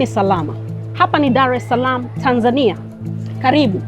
ni salama. Hapa ni Dar es Salaam, Tanzania. Karibu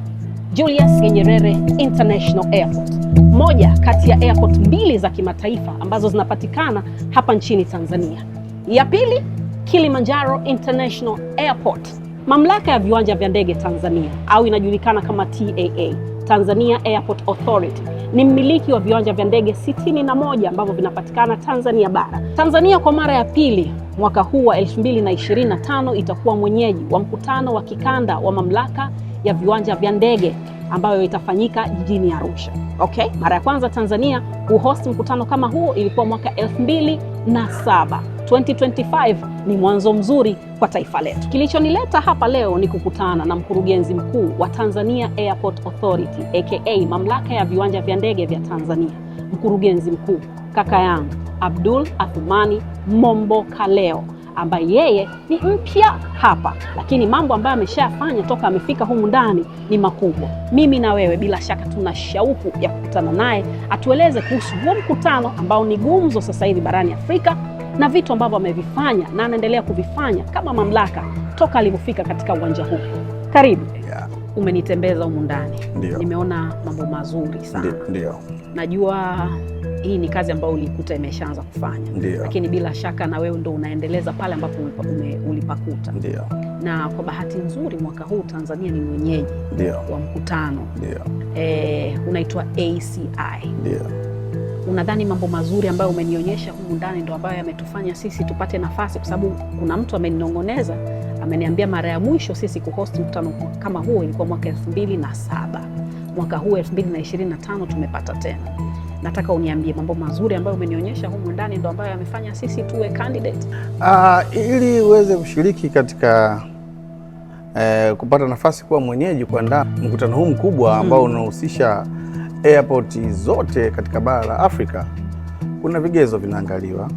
Julius Nyerere International Airport, moja kati ya airport mbili za kimataifa ambazo zinapatikana hapa nchini Tanzania. Ya pili Kilimanjaro International Airport, mamlaka ya viwanja vya ndege Tanzania au inajulikana kama TAA, Tanzania Airport Authority ni mmiliki wa viwanja vya ndege 61 ambavyo vinapatikana Tanzania bara. Tanzania kwa mara ya pili mwaka huu wa 2025 itakuwa mwenyeji wa mkutano wa kikanda wa mamlaka ya viwanja vya ndege ambayo itafanyika jijini Arusha. Okay, mara ya kwanza Tanzania kuhost mkutano kama huo ilikuwa mwaka 2007. 2025 ni mwanzo mzuri kwa taifa letu. Kilichonileta hapa leo ni kukutana na mkurugenzi mkuu wa Tanzania Airport Authority aka mamlaka ya viwanja vya ndege vya Tanzania, mkurugenzi mkuu kaka yangu Abdul Athumani Momboka leo ambaye yeye ni mpya hapa, lakini mambo ambayo ameshafanya toka amefika humu ndani ni makubwa. Mimi na wewe bila shaka tuna shauku ya kukutana naye atueleze kuhusu huo mkutano ambao ni gumzo sasa hivi barani Afrika na vitu ambavyo amevifanya na anaendelea kuvifanya kama mamlaka toka alivyofika katika uwanja huu. Karibu yeah. Umenitembeza humu ndani, nimeona mambo mazuri sana. Ndio. Najua hii ni kazi ambayo ulikuta imeshaanza kufanya Ndiyo. lakini bila shaka na wewe ndo unaendeleza pale ambapo ulipakuta Ndiyo. na kwa bahati nzuri mwaka huu Tanzania ni mwenyeji wa mkutano e, unaitwa ACI Ndiyo. Unadhani mambo mazuri ambayo umenionyesha humu ndani ndo ambayo yametufanya sisi tupate nafasi? Kwa sababu kuna mtu ameninong'oneza, ameniambia mara ya mwisho sisi kuhost mkutano kama huo ilikuwa mwaka elfu mbili na saba. Mwaka huu elfu mbili na ishirini na tano tumepata tena nataka uniambie mambo mazuri ambayo umenionyesha humu ndani ndo ambayo yamefanya sisi tuwe candidate. Uh, ah, ili uweze kushiriki katika eh, kupata nafasi kuwa mwenyeji kuandaa mkutano huu mkubwa mm-hmm. ambao unahusisha airport zote katika bara la Afrika, kuna vigezo vinaangaliwa.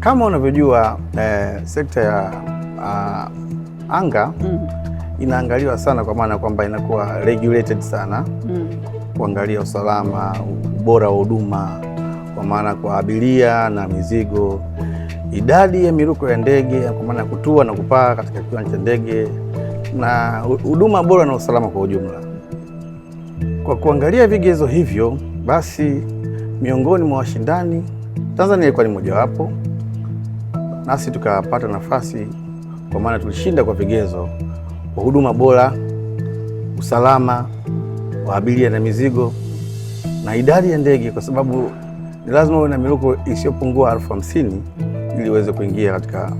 Kama unavyojua eh, sekta ya uh, anga mm. inaangaliwa sana kwa maana kwamba inakuwa regulated sana mm kuangalia usalama, ubora wa huduma kwa maana kwa abiria na mizigo, idadi ya miruko ya ndege kwa maana ya kutua na kupaa katika kiwanja cha ndege na huduma bora na usalama kwa ujumla. Kwa kuangalia vigezo hivyo, basi miongoni mwa washindani Tanzania ilikuwa ni mojawapo, nasi tukapata nafasi kwa maana tulishinda kwa vigezo kwa huduma bora, usalama wa abiria na mizigo na idadi ya ndege, kwa sababu ni lazima uwe na miruko isiyopungua elfu hamsini ili uweze kuingia katika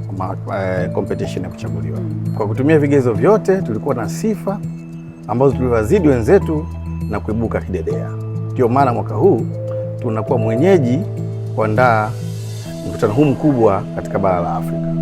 uh, competition ya kuchaguliwa. Kwa kutumia vigezo vyote, tulikuwa na sifa ambazo tuliwazidi wenzetu na kuibuka kidedea. Ndio maana mwaka huu tunakuwa mwenyeji kuandaa mkutano huu mkubwa katika bara la Afrika.